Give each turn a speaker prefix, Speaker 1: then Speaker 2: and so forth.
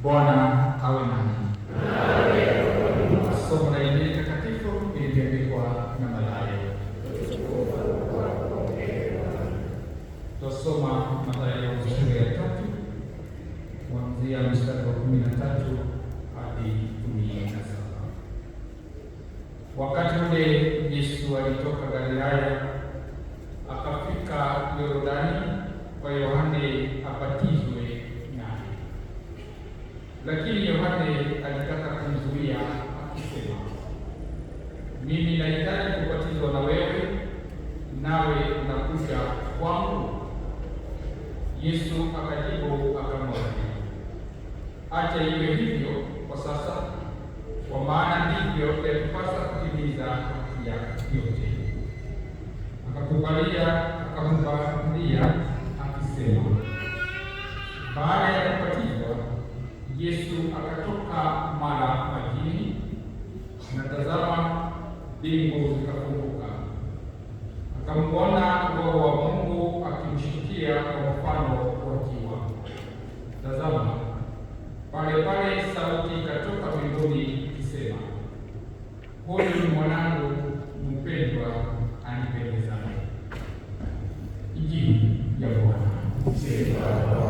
Speaker 1: Bwana awe nanyi. Somo la Injili takatifu ilivyoandikwa na Mathayo. Tusoma Mathayo sura ya tatu kuanzia mstari wa kumi na tatu hadi kumi na saba. Wakati ule Yesu alitoka Galilaya akafika Yordani kwa Yohana Lakini Yohane alitaka kumzuia akisema, mimi nahitaji kubatizwa na wewe, nawe unakuja kwangu? Yesu akajibu akamwambia, acha iwe hivyo kwa sasa, kwa maana ndivyo yatupasa kutimiza haki yake yote. Akakubalia, akamkumbatia akisema baada Yesu akatoka mara majini, na tazama, mbingu zikafunguka, akamwona Roho wa Mungu akimshikia kwa mfano wa jiwa. Tazama, pale pale sauti ikatoka mbinguni ikisema, huyu ni mwanangu mpendwa, anipendeza. Injili ya Bwana.